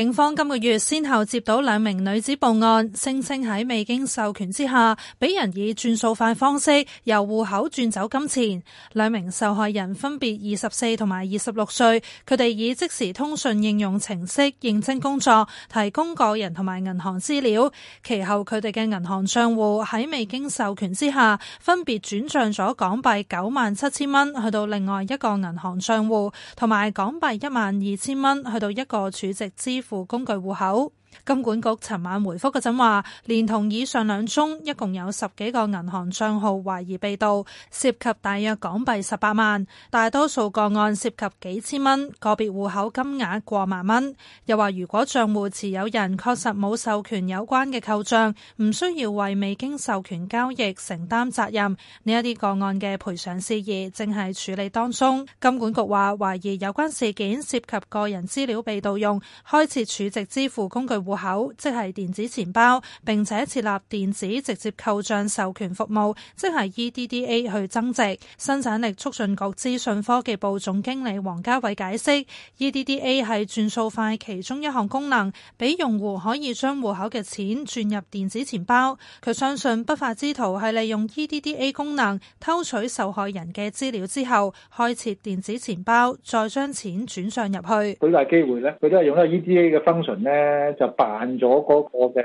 警方今個月先後接到兩名女子報案，聲稱喺未經授權之下，俾人以轉數快方式由戶口轉走金錢。兩名受害人分別二十四同埋二十六歲，佢哋以即時通訊應用程式應徵工作，提供個人同埋銀行資料。其後佢哋嘅銀行賬戶喺未經授權之下，分別轉賬咗港幣九萬七千蚊去到另外一個銀行賬戶，同埋港幣一萬二千蚊去到一個儲值支付附工具戶口。金管局尋晚回覆嗰陣話，連同以上兩宗，一共有十幾個銀行賬號懷疑被盜，涉及大約港幣十八萬，大多數個案涉及幾千蚊，個別戶口金額過萬蚊。又話如果賬戶持有人確實冇授權有關嘅扣賬，唔需要為未經授權交易承擔責任。呢一啲個案嘅賠償事宜正係處理當中。金管局話懷疑有關事件涉及個人資料被盜用，開設儲值支付工具。戶口即係電子錢包，並且設立電子直接扣賬授，授權服務，即係 EDDA 去增值。生產力促進局資訊科技部，部總經理黃家偉解釋，EDDA 係轉數快其中一項功能，俾用戶可以將戶口嘅錢轉入電子錢包。佢相信不法之徒係利用 EDDA 功能偷取受害人嘅資料之後，開設電子錢包，再將錢轉帳入去。好大機會咧，佢都係用一個 EDDA 嘅 function 咧就扮咗嗰個嘅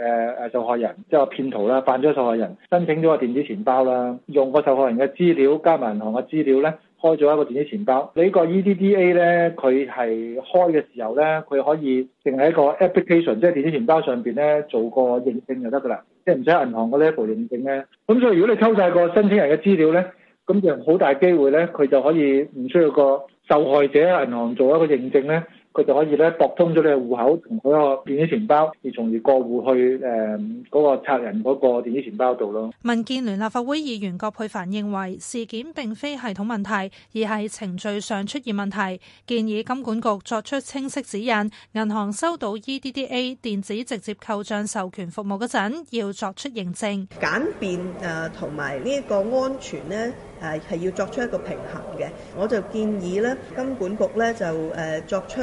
誒受害人，即係騙徒啦，扮咗受害人，申請咗個電子錢包啦，用個受害人嘅資料加埋銀行嘅資料咧，開咗一個電子錢包。你呢個 EDDA 咧，佢係開嘅時候咧，佢可以淨係一個 application，即係電子錢包上邊咧做個認證就得㗎啦，即係唔使銀行嘅呢一步認證咧。咁所以如果你抽晒個申請人嘅資料咧，咁就好大機會咧，佢就可以唔需要個受害者銀行做一個認證咧。佢就可以咧駁通咗你嘅戶口同嗰個電子錢包，而從而過戶去誒嗰個賊人嗰個電子錢包度咯。民建聯立法會議員葛珮帆認為事件並非系統問題，而係程序上出現問題，建議金管局作出清晰指引，銀行收到 EDDA 電子直接扣賬授權服務嗰陣要作出認證，簡便誒同埋呢個安全呢。係要作出一個平衡嘅，我就建議呢，金管局呢就作出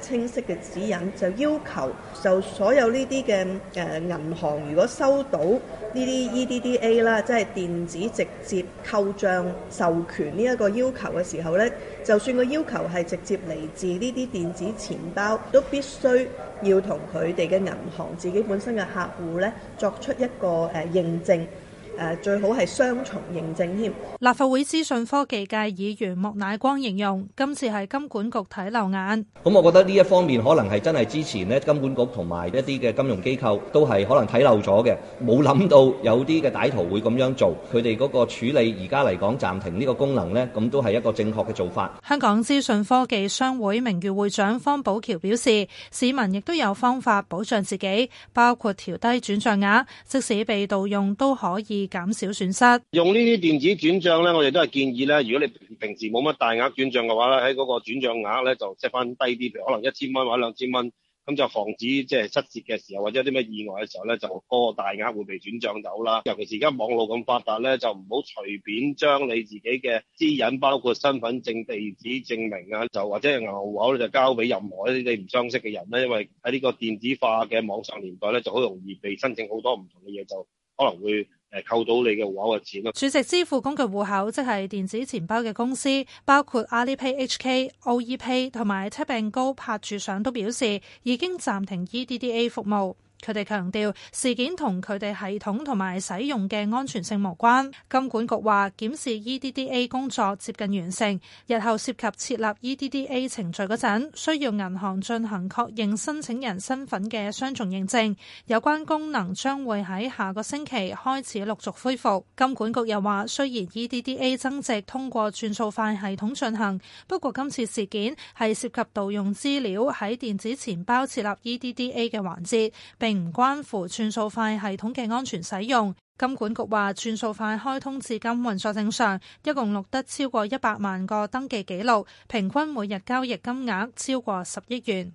清晰嘅指引，就要求就所有呢啲嘅銀行，如果收到呢啲 EDDA 啦，即係電子直接扣賬授權呢一個要求嘅時候呢，就算個要求係直接嚟自呢啲電子錢包，都必須要同佢哋嘅銀行自己本身嘅客戶呢作出一個誒認證。誒最好係雙重認證添。立法會資訊科技界議員莫乃光形容：今次係金管局睇漏眼。咁我覺得呢，一方面可能係真係之前呢，金管局同埋一啲嘅金融機構都係可能睇漏咗嘅，冇諗到有啲嘅歹徒會咁樣做。佢哋嗰個處理而家嚟講暫停呢個功能呢，咁都係一個正確嘅做法。香港資訊科技商會名譽會長方寶橋表示：市民亦都有方法保障自己，包括調低轉賬額，即使被盜用都可以減少損失，用呢啲電子轉帳咧，我哋都係建議咧。如果你平時冇乜大額轉帳嘅話咧，喺嗰個轉帳額咧就即翻低啲，譬如可能一千蚊或者兩千蚊咁，就防止即係失竊嘅時候或者啲咩意外嘅時候咧，就嗰個大額會被轉帳走啦。尤其是而家網絡咁發達咧，就唔好隨便將你自己嘅私隱，包括身份證、地址證明啊，就或者銀行戶口就交俾任何一啲你唔相識嘅人咧，因為喺呢個電子化嘅網上年代咧，就好容易被申請好多唔同嘅嘢，就可能會。誒扣到你嘅戶口嘅錢啦。儲值支付工具戶口即係電子錢包嘅公司，包括 AlipayHK、O!ePay 同埋 Tap & Go 拍住賞都表示已經暫停 EDDA 服務。佢哋強調事件同佢哋系統同埋使用嘅安全性無關。金管局話檢視 EDDA 工作接近完成，日後涉及設立 EDDA 程序嗰陣，需要銀行進行確認申請人身份嘅雙重認證。有關功能將會喺下個星期開始陸續恢復。金管局又話，雖然 EDDA 增值通過轉數快系統進行，不過今次事件係涉及盜用資料喺電子錢包設立 EDDA 嘅環節。並唔關乎轉數快系統嘅安全使用。金管局話，轉數快開通至今運作正常，一共錄得超過一百萬個登記記錄，平均每日交易金額超過十億元。